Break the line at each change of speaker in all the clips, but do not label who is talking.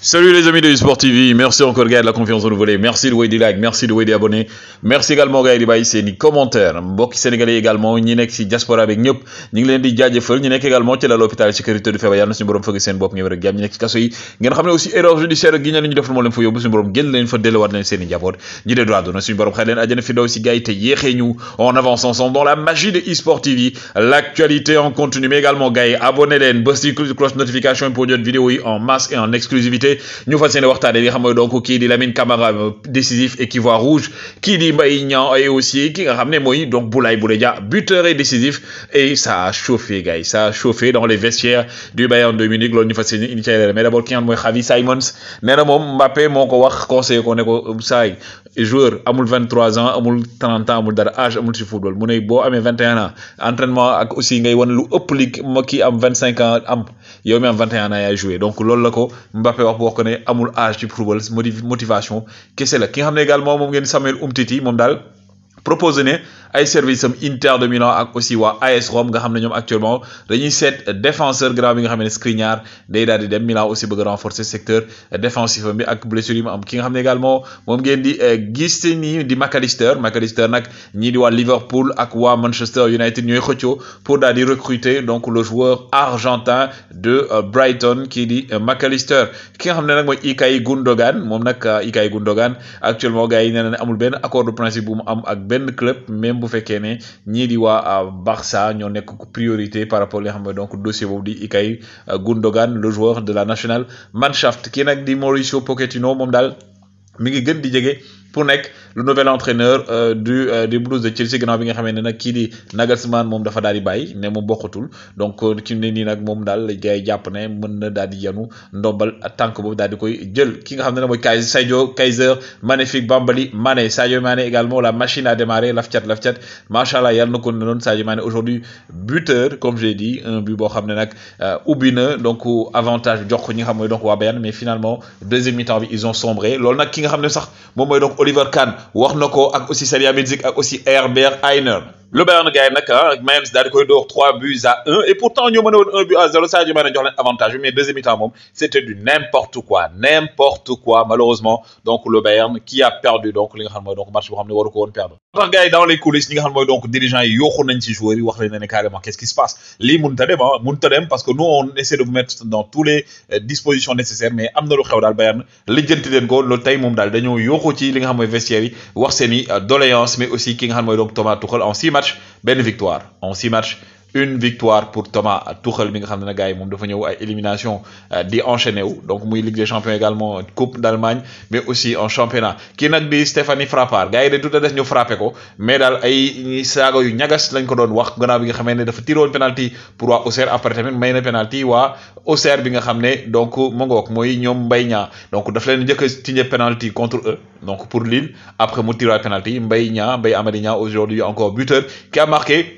Salut les amis de eSport TV, merci encore gars de la confiance renouvelée volet, merci de wéy di like merci de wéy di abonné merci également gars yi di bàyyi seen i commentaire mbokki sénégalais yi également ñi nekk ci diaspora bi ñëpp ñu ngi leen di jaajëfal ñi nekk également ci l'hôpital hôpital sécurité du feebar yàlla na suñu borom fëgg seen bopp ngeen wér ak jàmm ñi nekk ci kaso yi ngeen xam ne aussi erreur judiciaire gi ñu defal moo leen fa yóbbu suñu borom génn leen fa delluwaat leen seen i njaboot ñi dee droit doona suñu borom xëy leen àjjana fi daw si gars yi te yéexee ñu on avance ensemble dans la magie de eSport TV l'actualité en continu mais également gars yi abonné leen bës ci cloche notification pour jot vidéos yi en masse et en exclusivité Cissé ñu fas yéene waxtaane li nga xam mooy donc kii di Lamine Camara euh, décisif et qui voit rouge qui di Mbaye Niang et aussi qui a ramené ne donc Boulaye Boulaya buteur et décisif et ça a chauffé gars ça a chauffé dans les vestiaires du Bayern de Munich loolu ñu fas initié mais d'abord qui nga xam mooy Xavi Simons nee na Mbappé moo wax conseiller ko ne ko saay euh, joueur amul 23 ans amul 30 ans amul dara âge amul si football mu ne boo amee 21 ans entraînement ak aussi ngay a lu ëpp li moi qui am 25 ans am yow mi am 21 ans à joué donc loolu la Mbappé pour boo ko ne amul âge ci football motivation kese la ki nga xam ne également moom ngeen Samuel Umtiti moom daal proposé ne ay service am Inter de Milan ak aussi wa AS Rome nga xamné ñom actuellement dañuy set défenseur grand bi nga xamné Skriniar day daal di dem Milan aussi bëgg renforcer secteur défensif bi ak blessure yi mu am ki nga xamné également mom ngeen di eh, gis di McAllister McAllister nak ñi di wa Liverpool ak wa Manchester United ñoy xëccio pour daal di recruter donc le joueur argentin de eh, Brighton qui di eh, McAllister ki nga xamné nak moy Ikay Gundogan mom nak Ikay Gundogan actuellement gaay yi amul ben accord de principe bu mu am ak même club même bu fekkene ñi di euh, Barça a priorité par rapport li donc dossier bobu di euh, Gundogan le joueur de la nationale Mannschaft di Mauricio Pochettino moom dal mi ngi gën pour nek le nouvel entraîneur euh, du euh, des Blues de Chelsea gannaaw bi nga xamné nak ki di Nagelsmann mom dafa daal né mo donc euh, ci ne nii les gars japonais, jàpp mën na daal di yanu ndombal tank bobu koy jël ki nga xamné moy Kaiser magnifique Bambali Mane Sadio Mané également la machine à démarrer lafchat lafchat la cat macha allah ko Sadio aujourd'hui buteur comme j'ai dit un but ou xamné nak donc avantage jox ko ñi nga xam donc wa Bayern mais finalement deuxième mi-temps ils ont sombré loolu nak ki nga xamné sax mom moy Oliver Kahn wax na ko ak aussi Salia Medzic ak aussi Herbert Hainer le Bayern gars nak même ah a 3 buts à 1 et pourtant ñu mën a 1 but à 0 Ça, a jox l'avantage avantage mais deuxième mi-temps mom c'était du n'importe quoi n'importe quoi malheureusement donc le Bayern qui a perdu donc li nga xam moy donc match bo xamni ne waru ko won perdre. tax dans les coulisses ñi nga xam moy donc dirigeants yi nañ ci joueurs yi wax carrément qu'est-ce qui se passe li a ah, dem parce que nous on essaie de vous mettre dans tous les euh, dispositions nécessaires mais amna lu xew dal Bayern le leen ko loolu tay mom dal dañoo yooxu ci li nga xam moy vestiaire yi wax seen euh, doléance mais aussi ki nga xam moy donc Thomas Tuchel en six Belle victoire en six matchs une victoire pour Thomas Tuchel mi nga xamné ne gars yi dafa ñëw ay élimination euh, di enchaîner wu donc muy Ligue des champions également Coupe d'Allemagne mais aussi en championnat ki nak di Stéphanie Frappard gars yi de tout à ñu frappé ko mais dal ay saago yu ñagas lañ ko doon wax gannaaw bi nga xamné dafa tirer tiroon penalty pour waa Auxerre après tamit may na penalty wa Auxerre bi nga xamné donc mu ngoog mooy ñoom Mbaye Niang donc daf leen njëkk a penalty contre eux donc pour Lille après mu tiraat penalty Mbaye Niang Mbaye Amady Niang aujourd'hui encore buteur qui a marqué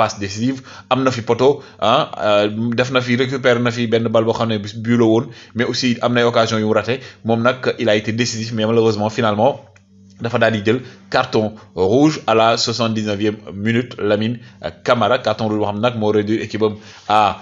passe décisive am na fi poteau ah, hein def na fi récupéré na fi benn balle boo ne bu mais aussi am occasion yu mu raté moom nag il a été décisif mais malheureusement finalement dafa daldi carton rouge à la 79e minute lamine camara carton rouge xam nak mo réduire à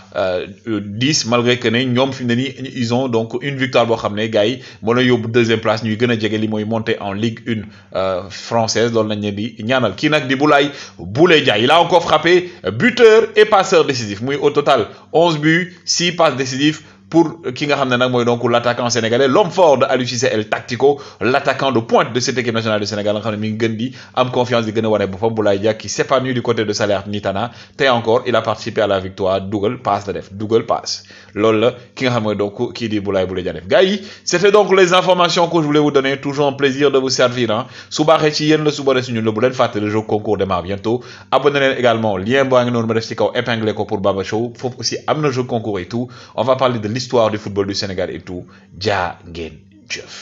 10 euh, malgré que né ñom fi ils ont donc une victoire bo xamné gaay mo la deuxième place ñuy gëna jégué li moy monter en ligue 1 euh, française lool nañ di ñaanal ki nak di boulay boulay il a encore frappé buteur et passeur décisif au total 11 buts 6 passes décisives pour qui nga xamné nak moy donc l'attaquant sénégalais l'homme fort de Aliou Cissé El Tactico l'attaquant de pointe de cette équipe nationale du Sénégal nga xamné mi di am confiance di gën a bu boppam Boulaye Dia qui s'épanouit du côté de Nitana té encore il a participé à la victoire Double passe la def passe Lol la ki nga xamné mooy donc ki di Boulaye Boulaye Dia def gars yi c'était donc les informations que je voulais vous donner toujours un plaisir de vous servir Souba hein. su le ci yéen le su bëree suñu le bu len faté le jeu concours demain bientôt Abonnez-vous également lien baa nga noonu ma ci kaw épinglé ko pour Baba Show foofu aussi amna jeu concours et tout on va parler de l'histoire du football du Sénégal et tout jaa ngeen jëf